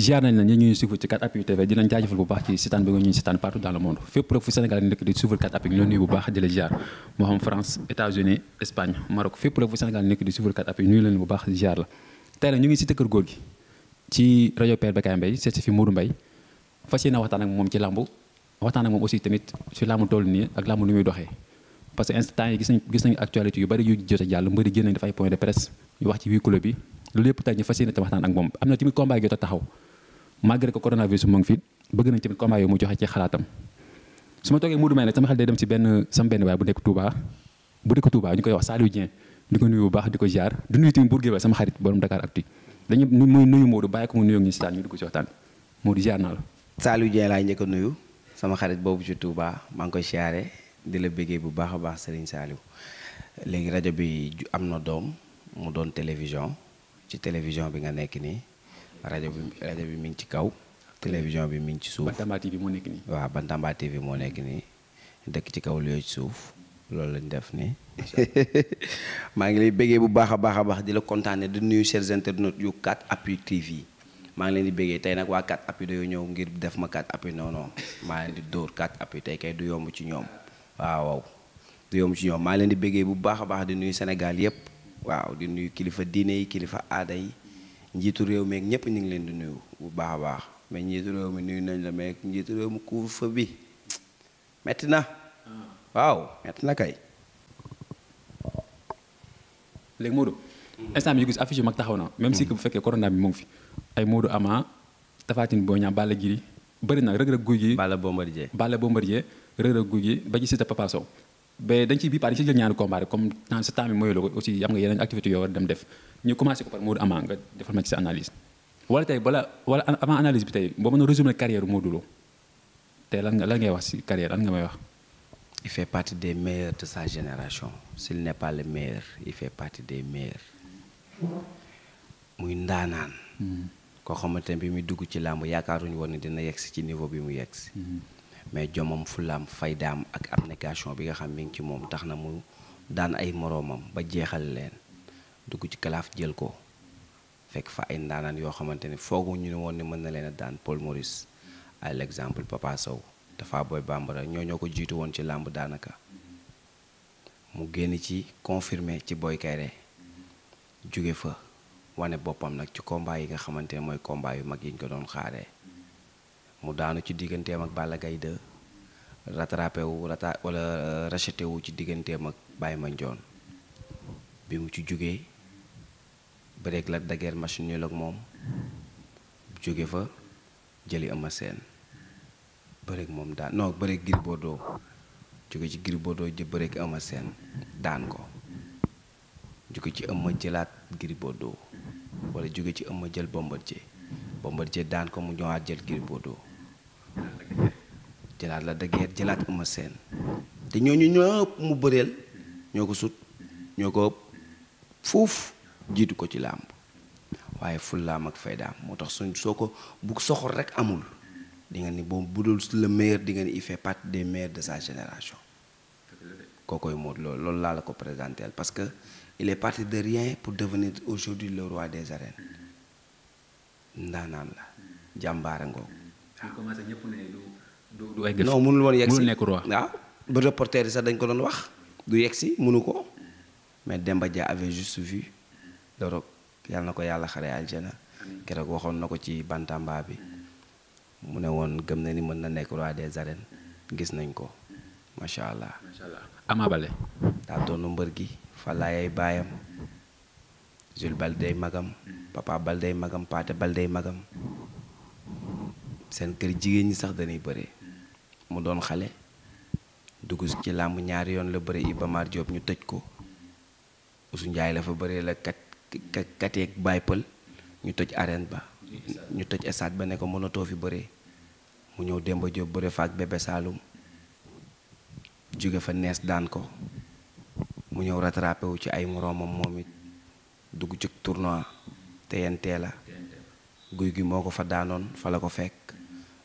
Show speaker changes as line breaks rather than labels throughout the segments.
ziar nañ la ñu ñuy suivre ci 4appuis TV di leen jaajëfal bu baax ci sitaan bi nga ñuy sitaan partout dans le monde fépp rek fu Sénégal nekk di suivre 4appuis ñu leen nuyu bu baax di la ziar moo xam France États-Unis Espagne Maroc fépp rek fu Sénégal nekk di suivre 4appuis nuyu leen bu baax ziar la tey nag ñu ngi cité Keur Gorgui ci rajo Père Bécaye Mbaye seet si fi Modou Mbaye fas yéene waxtaan ak moom ci làmb waxtaan ak moom aussi tamit ci làmb toll nii ak làmb nu muy doxee parce que instant yi gis nañ gis nañ actualité yu bari yu jot a jàll mbëri génn nañ def ay point de presse ñu wax ci huis clos bi loolu yëpp tey ñu fas yéene waxtaan ak moom am na tamit combat yi jot a taxaw malgré ko coronavirus mu ngi fi bëgg nañ tamit combat yooyu mu joxe ci xalaatam su ma toogee Modou Mbaye nag sama xel day dem ci benn sama benn waay bu nekk Touba bu nekk Touba ñu koy wax Saliou di ko nuyu bu baax di ko ziar di nuyu tamit sama xarit borom Dakar Actu dañu muy nuyu Modou bàyyi ko mu
nuyoo ñu si taan ñu dugg ci waxtaan la. Saliou Dieng laay njëkk a nuyu sama xarit boobu ci Touba maa ngi koy ziare di la bëggee bu baax a baax Serigne Saliou léegi rajo bi am na doom mu doon télévision ci télévision bi nga nekk nii. rajo bi rajo mi ngi ci kaw télévision bi mi ngi ci suuf Bantamba TV moo nekk nii waaw Bantamba TV moo nekk nii dëkk ci kaw luyoo ci suuf loolu lañu def ni maa ngi lay bëggee bu baax a baax a baax di la kontaane di nuyu chers internautes yu app appuis TV maa ngi leen di béggee tey nag waa 4appuis dañoo ñëw ngir def ma 4appuis non non maa leen di dóor 4appuis tey kay du yomb ci ñoom waaw waaw du yomb ci ñoom maa ngi leen di béggee bu baax a baax di nuyu senegal yépp waaw di nuyu kilifa diine kilifa aada yi njiitu réew mi ak ñëpp ñu ngi leen di nuyu bu baax a baax mais njiitu réew mi nuyu nañ la mais njiitu réew mi couvre-feu bi metti na waaw metti na kay.
léegi Modou instant bi ñu gis affiche mag taxaw na même si bu fekkee corona bi mu fi ay Modou Ama Tapha Tine boo Niang Balla Giri bëri na rëg-rëg guy gi. Balla Bombardier Balla Bombardier rëg-rëg guy gi ba ci Siteu Papa ba dañ ciy bii pare dañ ciy jël ñaari combat comme temps sa temps bi mooy loolu aussi a dem def ñu commencé ko par Modou Ama nga ci sa analyse. wala tey bala wala avant analyse bi tey boo mën a résumer carrière Modou Lo nga lan ngay wax ci carrière
lan nga may wax. il fait des meilleurs de sa génération si n'est pas le meilleur il fait partie des meilleurs muy ndaanaan. Hmm. koo xamante ne bi muy dugg ci làmb yaakaaruñu woon ne dina yegg si ci niveau bi mu yegg si. Hmm. mais jomam fulaam faydaam ak abnégation bi nga xam mi ngi ci moom tax na mu daan ay moroomam ba jeexal leen dugg ci kalaaf jël ko fekk fa ay ndaanaan yoo xamante ne foogu ñu ne woon ne mën na leen a daan Paul Maurice al exemple Papa Sow dafa booy bambara ñoo ñoo ko jiitu woon ci làmb daanaka mu génn ci confirmé ci Boy Kayré jóge fa wane boppam nag ci combat yi nga xamante ne mooy combat yu mag yi ko doon xaaree mu daanu ci digganteem ak Balla Gaye 2 rattrapé wu rata wala euh, wu ci digganteem ak ma Mandione bi mu ci jógee bëreeg la dageer machine ak moom jóge fa jëli Eumeu Sène bëreeg moom daan non bëreeg Gris jóge ci Gris Bordeaux jë bëreeg Eumeu Sène daan ko jóge ci Eumeu jëlaat Gris Bordeaux wala jóge ci Eumeu jël Bombardier Bombardier daan ko mu ñëwaat jël Gris Bordeaux jëlaat la dëggeer jëlaat Eumeu Sène te ñooñu ñëpp mu bëreel ñoo ko sut ñoo ko fuuf jiitu ko ci làmb waaye fullaam ak faydaam moo tax suñ soo ko bu soxor rek amul di nga ni boobu bu dul le meilleur di nga ni il fait partie des de sa génération kookoy moot loolu loolu laa la ko présenté parce que il est parti de rien pour devenir aujourd'hui le roi des arènes ndaanaan la jàmbaara ngoo
ñu ñëpp ne du du du egg non mënul woon yegg si
mënul nekk waaw ah, ba reporter yi sax dañ ko doon wax du yegg si mënu ko mais Demba Dia avait juste vu le yal na ko yàlla xare aljana keroog waxoon na ko ci bantambaa bi mu ne woon gëm na ni mën na nekk roi des arènes gis nañ ko macha allah. macha allah Ama doonu mbër gi ay baayam Jules Baldé magam mm. Papa Baldé magam Pathé day magam. seen kër jigéen ñi sax dañuy bëre mu doon xale dugg ci làmb ñaari yoon la bëre Iba Mar Diop ñu tëj ko Usu Njaay la fa bëree la kat kateeg baay pël ñu toj arène ba ñu toj estade ba ne ko mënatoo fi bëree mu ñëw Demba Diop bëre fa ak Bébé Saloum jóge fa nees daan ko mu ñëw rattrapé wu ci ay moroomam moom it dugg ci tournoi TNT la guy gi moo ko fa daanoon fa la ko fekk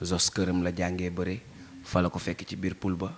Zos këram la jànge bëre fa la ko fekk ci biir pul ba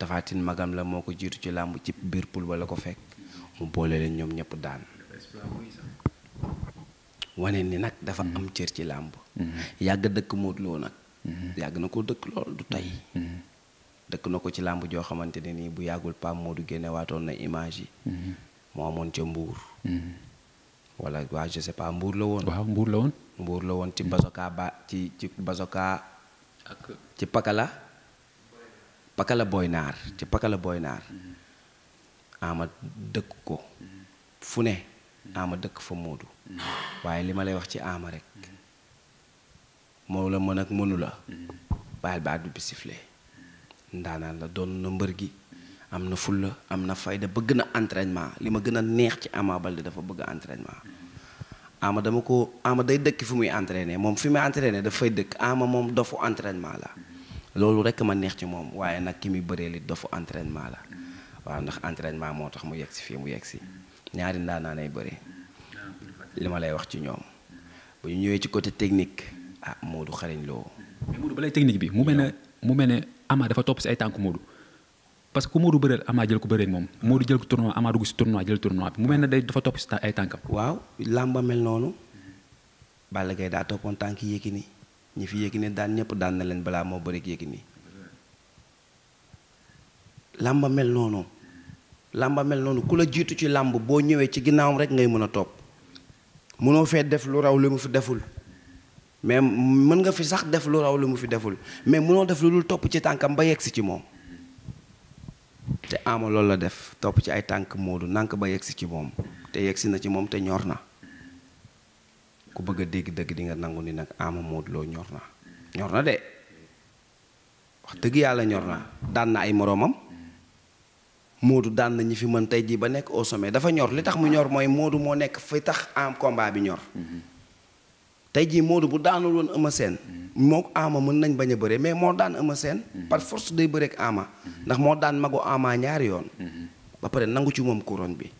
Tapha Tine magam la moo ko jiitu ci làmb ci biir pul ba la ko fekk mu boole leen ñoom ñëpp daan wane ni nag dafa am cër ci làmb mhm. yàgg dëkk Modou nag mhm. yàgg na ko dëkk lool du tey mhm. dëkk na ko ci làmb joo xamante ne nii bu yàggul Pape Modou génnewaatoon na image yi moo amoon ca Mbuur wala waa je sais mbuur la woon. waaw mbuur la woon. ci Bazoka ba ci ci Bazoka. ak ci Pakala. Pakala Boy Naar ci Pakala Boy Naar. ama ah, dëkk ko. fu ne. ama ah, dëkk fa Moodu. waaye li ma lay wax ci ama rek. moo la mën ak mënu la. baal ba at bi sifle. ndaanaan la doon na mbër gi. am na fulla am na fayda bëgg na entraînement li ma gën a neex ci Ama Baldé dafa bëgg entraînement Ama dama ko Ama day dëkk fi muy entraîné moom fi muy entraîné dafay dëkk Ama moom dofu entraînement la loolu rek ma neex ci moom waaye nag ki muy bëree li dofu entraînement la waaw ndax entraînement moo tax mu yegg si fii mu yegg si ñaari naa ay bëri li ma lay wax ci ñoom bu ñu ñëwee ci côté technique ah Modou xarañ loo. mais Modou balay technique bi mu mel ne mu mel ne Ama dafa
topp si ay tànk Modou. parce que ku Modou bëreel Ama jël ko bëree moom Modou jël ko tournoi Ama dugg si tournoi jël tournoi bi mu mel ne day dafa topp si ay tànkam.
waaw làmba mel noonu. Balla Gaye daa toppoon tànk Yékini ñi fi Yékini daan ñëpp daan na leen balaa moo bëreeg Yékini làmba mel noonu. làmba mel noonu ku la jiitu ci làmb boo ñëwee ci ginnaawam rek ngay mën a topp. mënoo fee def lu raw li mu fi deful. mais mën nga fi sax def lu raw li mu fi deful mais mënoo def lu dul topp ci tànkam ba yegg si ci moom. te ama loolu la def topp ci ay tànk moodu nànk ba yegsi ci moom te yegsi na ci moom te ñor na ku bëgg a dégg dëgg dinga nga nangu ni nag ama Modou Lo ñor na ñor na de wax dëgg yàlla ñor na daan na ay moroomam Modou daan na ñi fi mën tey jii ba nekk au dafa ñor li tax mu ñor mooy moodu moo nekk fi tax am combat bi ñor mm-hmm. tey jii Modou bu daanul woon Eumeu Sène moo Ama mën nañ bañ a bëree mais moo daan Eumeu Sène mhm. par force day bëreek Ama mhm. ndax moo daan magu Ama ñaari yoon mhm. ba pare nangu ci moom couronne bi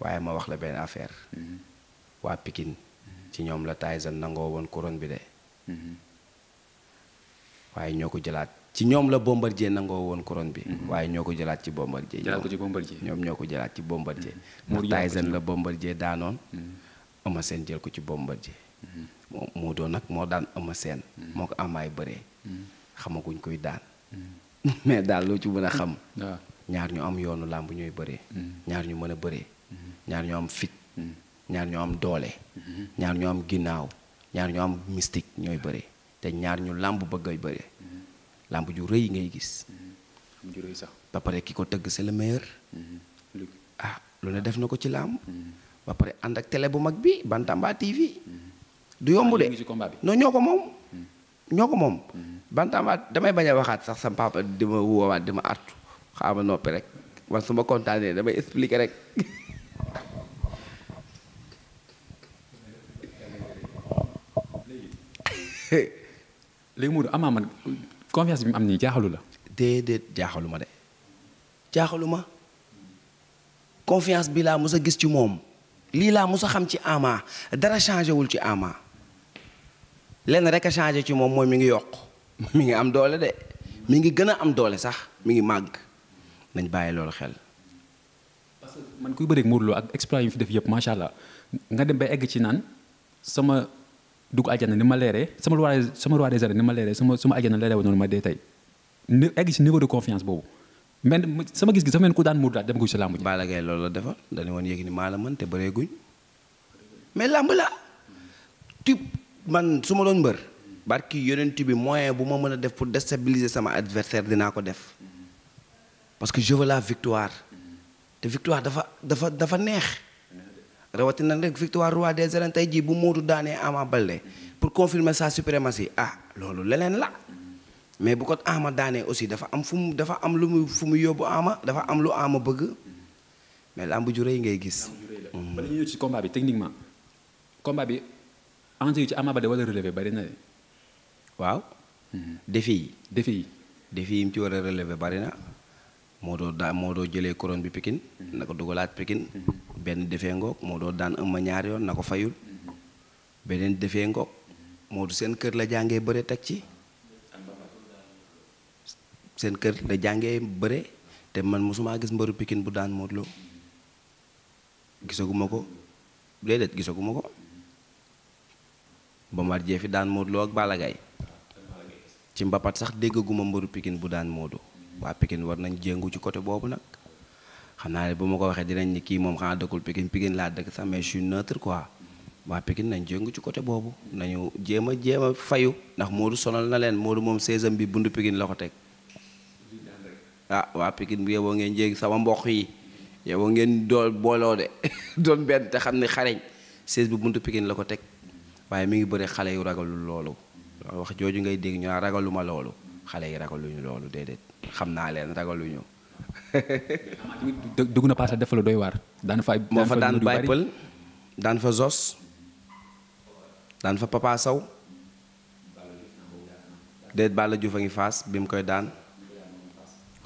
waaye ma wax la benn affaire waa Pikine ci ñoom la Tyson nangoo woon couronne bi de waaye ñoo ko jalaat ci ñoom la Bombardier nangoo woon couronne bi waaye ñoo ko jëlaat ci Bombardier jëlaat ko ci ñoom ñoo ko jalaat ci Bombardier ndax Tyson la Bombardier daanoon Eumeu Sène jël ko ci Bombardier mm-hmm. moo doon nag moo daan Eumeu seen mm-hmm. moo ko am amaay bëree mm-hmm. xamaguñ koy daan mais daal loo ci mën a xam ah. ñaar ñu am yoonu làmb ñooy bëree ñaar ñu mën a bëree ñaar ñu am fit ñaar ñu am doole ñaar ñu am ginnaaw ñaar ñu am mystique ñooy bëree te ñaar ñu làmb bëgg ay bëree làmb ju rëy ngay gis ju ki ko tëgg c'est ah, lu ne def na ko ci làmb ba pare ànd ak télé bu mag bi Bantamba TV. Mm-hmm. du yomb ah, de non ñoo ko moom. Mm-hmm. ñoo ko moom. Mm-hmm. Bantamba damay bañ a waxaat sax sa papa dama woowaat dama artu xaama noppi rek man su ma kontaanee damay expliquer rek.
léegi Modou Ama man confiance
bi mu am nii jaaxalu la. déedéet jaaxalu ma de jaaxalu ma confiance bi laa mës a gis ci moom. lii laa musa xam ci Ama dara changé wul ci Ama lenn rek a changé ci moom mooy mi ngi yokk mi ngi am doole de mi ngi gën a am doole sax mi ngi màgg nañ bàyyi loolu xel.
parce man kuy bëreeg Modou Lo ak exploit yi mu fi def yëpp macha allah nga dem ba egg ci naan sama dugg àjjana ni ma leeree sama roi sama roi des arènes ni ma leeree sama sama àjjana leeree woon noonu ma dee tey ni egg ci niveau de confiance boobu. men sama gis-gis dafa mel ku daan Modou Lô dem guñ si làmb ji.
Balla Gaye ni maa la mën te bëree guñ mais làmb la tu man su ma doon mbër. barki yonent bi moyen bu ma mën a def pour déstabiliser sama adversaire dinaa ko def parce que je veux la victoire te victoire dafa dafa dafa neex rawatina rek victoire roi des arènes tey jii bu Modou daanee Ama bale pour confirmer sa si ah loolu leneen la. mais bu ko Ama daanee aussi dafa am fu mu dafa am lu mu fu mu yóbbu Ama dafa am lu Ama bëgg mais làmb ju yi ngay gis. ba ñu bi techniquement combat bi enjeu ci Ama Baldé wala relevé bari na waaw. Mhm. défi yi. défi yi défi yi mu ci war a relevé bari na moo doo daa moo doo jëlee couronne bi pikin mhm. na ko dugalaat Pikine. Mhm. benn defee ngook moo doo daan ëmma ñaar yoon na ko fayul. beneen defee ngoog moo du seen kër la jàngee bari teg ci. seen kër la jàngee bare te man mosumaa gis mbëru Pikine bu daan Modou gisaguma ko déedéet gisaguma ko Bombardier fi daan Modou Lo ak Balla ci mbapat sax déggaguma mbëru pikin bu daan Modou waa Pikine war nañ jéngu ci côté boobu nag xam naa ne bu ma ko waxee dinañ ni kii moom xanaa dëkkul Pikine Pikine laa dëkk sax mais je suis neutre quoi waa Pikine nañ jéngu ci côté boobu nañu jéem a jéem a fayu ndax Modou sonal na leen Modou moom saison bi bundu Pikine la ko teg ah waa Pikine bi yeboo ngeen jéegi sama mboq yi yeboo ngeen dool booloo de doon benn te xam ne xareñ sees bu buntu Pikine la ko teg waaye mi ngi bëri xale yu ragalul loolu wax jooju ngay dégg ñu naan ragaluma loolu xale yi ragaluñu loolu déedéet xam naa leen ragaluñu. dëgg na
paase def la doy waar. daan fa moo fa daan Baye Pël
daan fa Zos daan fa Papa Sow déet Balla Diouf a ngi faas bi mu koy daan.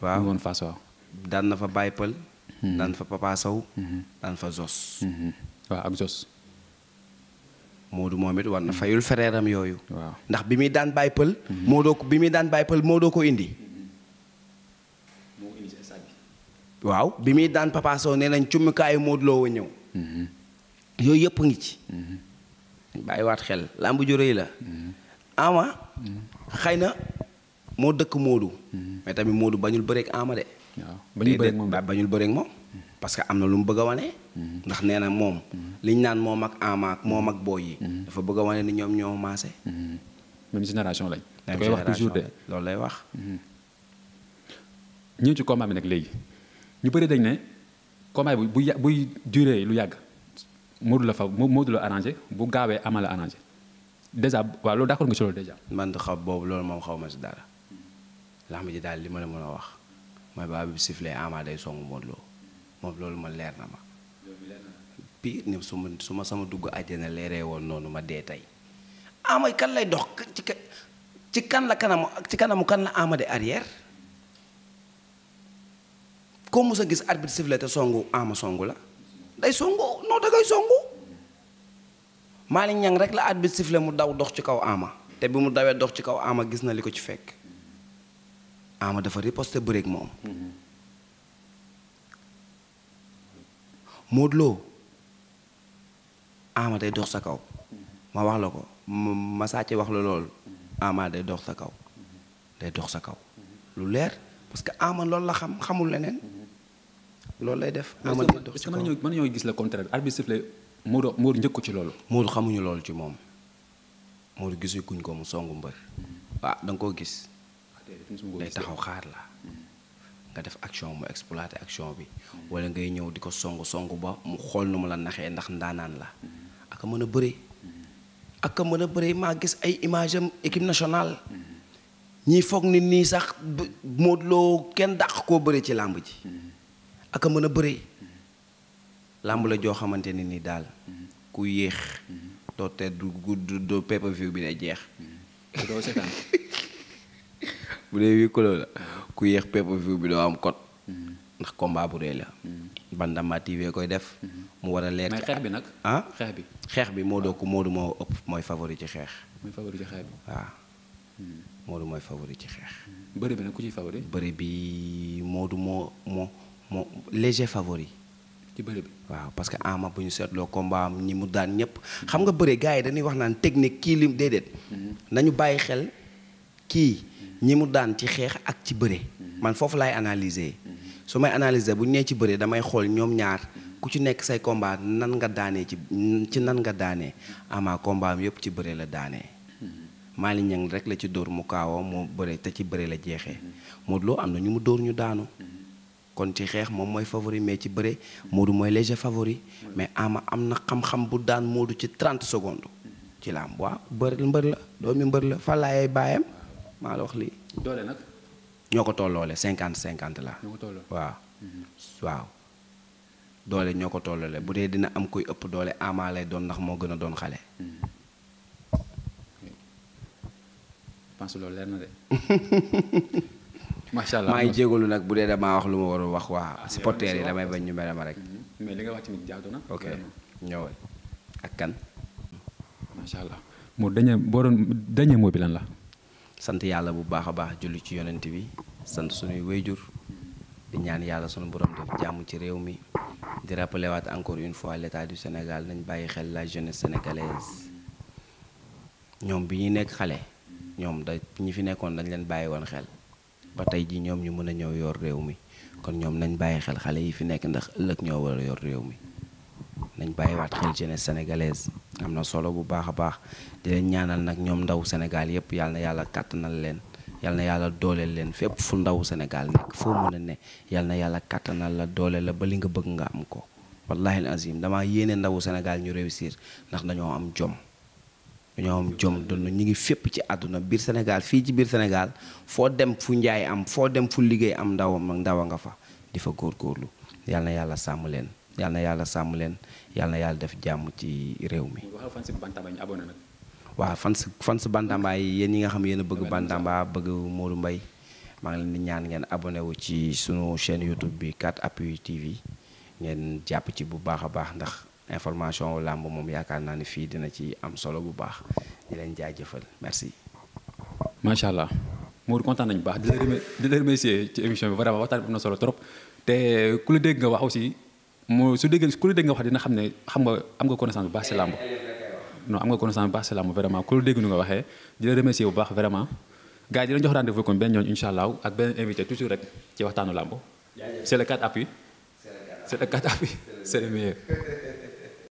waaw mu woon daan na fa Baye Pël. Hmm. daan fa Papa Sow. Hmm. daan fa Zos. Hmm. waaw ak Zos. Modou moom it war na fayul frère yooyu. ndax bi muy daan Baye Pël. Modou ko muy daan Baye Pël ko indi. waaw bi muy daan Papa Sow nañ cummikaayu Modou Lo wa ñëw. yooyu yëpp ngi ci. bàyyiwaat xel làmb ju la. ama xëy na. moo dëkk Moodu. Mhm. mais tamit Moodu bañul bëreeg Ama de. waaw bañul bëreeg moom bañul bëreeg moom. Mhm. parce que am na lu mu bëgg wane. Mhm. ndax nee na moom. liñ naan moom ak Ama ak moom ak booy yi. dafa bëgga wane ni ñoom ñoo maase.
même génération lañ. da koy wax toujours de loolu lay wax. ñëw ci combat nag léegi ñu bëri dañ ne combat bi bu buy duré lu yàgg Modou la fa Modou la arranger bu gaawee Ama la
arrangé dèjà waaw loolu d'accord nga ci loolu dèjà. man xaw boobu loolu moom xaw ma si dara. làmb ji daal li ma la mën a wax mooy ba bi siflee Ama day songu moom loolu ma leer na ma piir ne su ma sama dugg àjjana leere woon noonu ma dee tey Ama kan lay dox ci ka ci kan la kanamu ci kanamu kan la Ama de arrière koo mos a gis arbitre siflee te songu Ama songu la day songu non da ngay songu Malick Niang rek la arbitre siflee mu daw dox ci kaw Ama te bi mu dawee dox ci kaw Ama gis na li ko ci fekk ama dafa riposte bëreeg moom Modou Lo ama day dox sa kaw ma wax la ko ma sàcce wax la loolu ama day dox sa kaw day dox sa kaw lu leer parce que ama lool la xam xamul leneen loolu lay def ama day
gis le contraire arbitre sifflé Modou Modou njëkk ko ci loolu Modou xamuñu loolu ci moom
Modou gisuñ kuñ ko mu songu mbër waaw da koo gis day taxaw xaar la mm. nga def action mu exploité action bi wala ngay ñëw di ko song songu ba mu xool nu mu la naxee ndax ndaanaan la mm. ak a mën a bëree mm. ak a mën a bëree maa gis ay image am équipe nationale ñii foog nit nii sax Modou Lo kenn dàq koo bëree ci làmb ji ak mën a bëree làmb la joo xamante ne nii daal ku yéex doo te du du pay per bi ne jeex bu dee huis clos la ku yéex pay-per-view bi doo am code. ndax combat bu rëy la. Bantamba TV koy def. mu war a leer mais xeex bi nag. ah xeex bi xeex bi moo doog moo ëpp mooy favori ci xeex. mooy favori ci xeex bi hmm. mooy favori ci xeex. Hmm. bëri bi nag ku ciy favori. bëri bi Modou moo moo moo léger favori. ci bëri bi waaw parce que Ama bu ñu seetloo combat ñi mu daan ñëpp. xam nga bëri gars yi dañuy wax naan technique kii lim déedéet. Hmm. nañu bàyyi xel. kii ñi mu daan ci xeex ak ci bëre man foofu laay analyser su may analyser bu ñu nee ci bëre damay xool ñoom ñaar ku ci nekk say combat nan nga daanee ci ci nan nga daanee ama combat am yëpp ci bëre la daanee Malick Niang rek la ci dóor mu kaawoo moo bëre te ci bëre la jeexee Modou Lo am na ñu mu dóor ñu daanu kon ci xeex moom mooy favori mais ci bëre moodu mooy léger favori mais ama am na xam-xam bu daan Modou ci 30 secondes ci laam waaw mbër mbër la doomi maa la wax lii. doole nag. ñoo ko tolloole cinquante cinquante la. ñoo ko waaw. Mhm. waaw doole ñoo ko tolloole bu dee dina am kuy ëpp doole Ama lay doon ndax moo gën a doon xale. Mhm. pense loolu leer na de. macha allah maa ngi jégalu nag bu dee damaa wax lu ma warul wax waa ah, supporters yi damay bañ ñu mere ma rek. Mhm. mais li nga
wax tamit jaadu na. ok
ñëwal ak kan. macha allah mu la. sant yàlla bu baax a baax julli ci yonent bi sant suñuy wéyjur di ñaan yàlla suñu borom def jàmm ci réew mi di rappeler encore une fois l'état du Sénégal nañ bàyyi xel la jeunesse sénégalaise ñoom bi ñuy nekk xale ñoom da ñi fi nekkoon dañ leen bàyyi woon xel ba tey ji ñoom ñu mën a ñëw yor réew mi kon ñoom nañ bàyyi xel xale yi fi nekk ndax ëllëg ñoo war a yor réew mi nañ waat xel jeunesse sénégalaise am na solo bu baax a baax di leen ñaanal nag ñoom ndaw Sénégal yëpp yal na yàlla kàttanal leen yal na yàlla dooleel leen fépp fu ndaw Sénégal nekk foo mën ne yal na yàlla kàttanal la dooleel la ba li nga bëgg nga am ko wallahi azim damaa yéene ndawu Sénégal ñu réussir ndax dañoo am jom dañoo am jom doon ñu ngi fépp ci àdduna biir Sénégal fii ci biir Sénégal foo dem fu njaay am foo dem fu liggéey am ndaw ndawam ndawa nga fa di fa góorgóorlu yal na yàlla sàmm leen yal yàlla sàmm leen yal yàlla def jàmm ci réew mi. waaw fans fans Bantamba yi yéen ñi nga xam yéen a bëgg Bantamba bëgg Modou mbay maa ngi leen di ñaan ngeen abonné wu ci sunu chaîne YouTube bi 4appuis TV ngeen jàpp ci bu baax a baax ndax information làmb moom yaakaar naa ni fii dina ci am solo bu baax di leen jaajëfal merci. macha allah Modou kontaan nañu baax
di la remercier ci émission bi vraiment waxtaan bi am na solo trop te ku la dégg nga wax aussi. moo su déggee ku la dégg nga wax dina xam ne xam nga am nga connaissance bu baax si làmb non am nga connaissance bu baax si làmb vraiment ku la dégg nu nga waxee di la remercier bu baax vraiment gars yi dinañ jox rendez-vous kon benn ñoon incha allah ak benn invité toujours rek ci waxtaanu làmb c'est le 4 appui c'est le 4 appui c'est le